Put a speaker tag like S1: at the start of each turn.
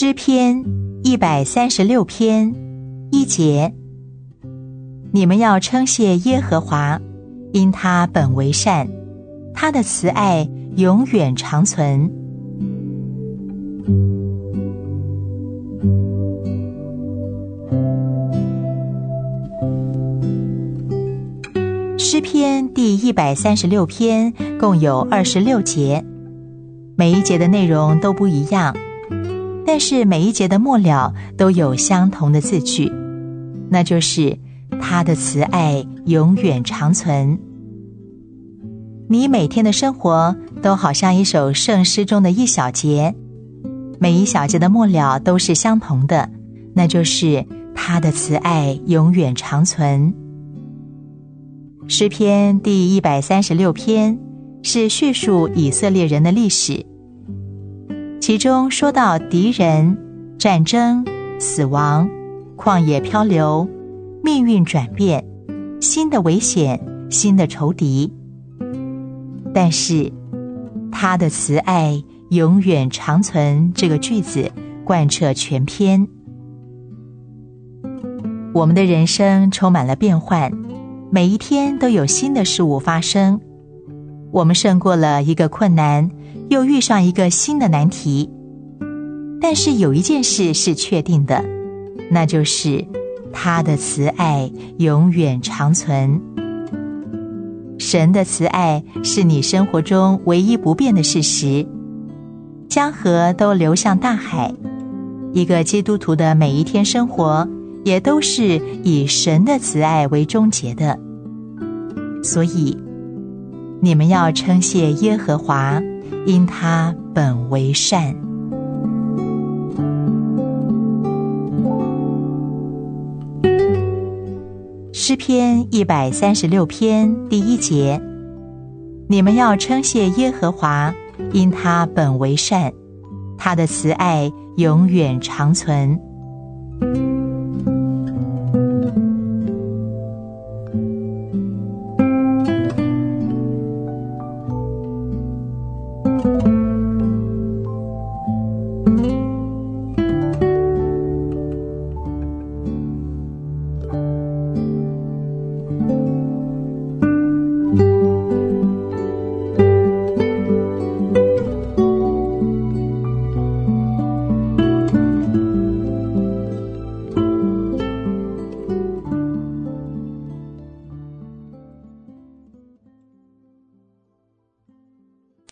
S1: 詩篇一百三十六篇，一節。你們要稱謝耶和華，因他本為善，他的慈愛永遠長存。詩篇第一百三十六篇共有二十六節，每一節的內容都不一樣。但是每一節的末了都有相同的字句，那就是他的慈愛永遠長存。你每天的生活都好像一首聖詩中的一小節，每一小節的末了都是相同的，那就是他的慈愛永遠長存。詩篇第一百三十六篇是敘述以色列人的歷史。其中說到敵人、戰爭、死亡、曠野漂流、命運轉變、新的危險、新的仇敵，但是他的慈愛永遠長存，這個句子貫徹全篇。我們的人生充滿了變幻，每一天都有新的事物發生。我們勝過了一個困難，又遇上一個新的難題。但是有一件事是確定的，那就是他的慈愛永遠長存。神的慈愛是你生活中唯一不變的事實。江河都流向大海，一個基督徒的每一天生活也都是以神的慈愛為終結的。所以。你們要稱謝耶和華，因他本為善。詩篇一百三十六篇第一節：你們要稱謝耶和華，因他本為善，他的慈愛永遠長存。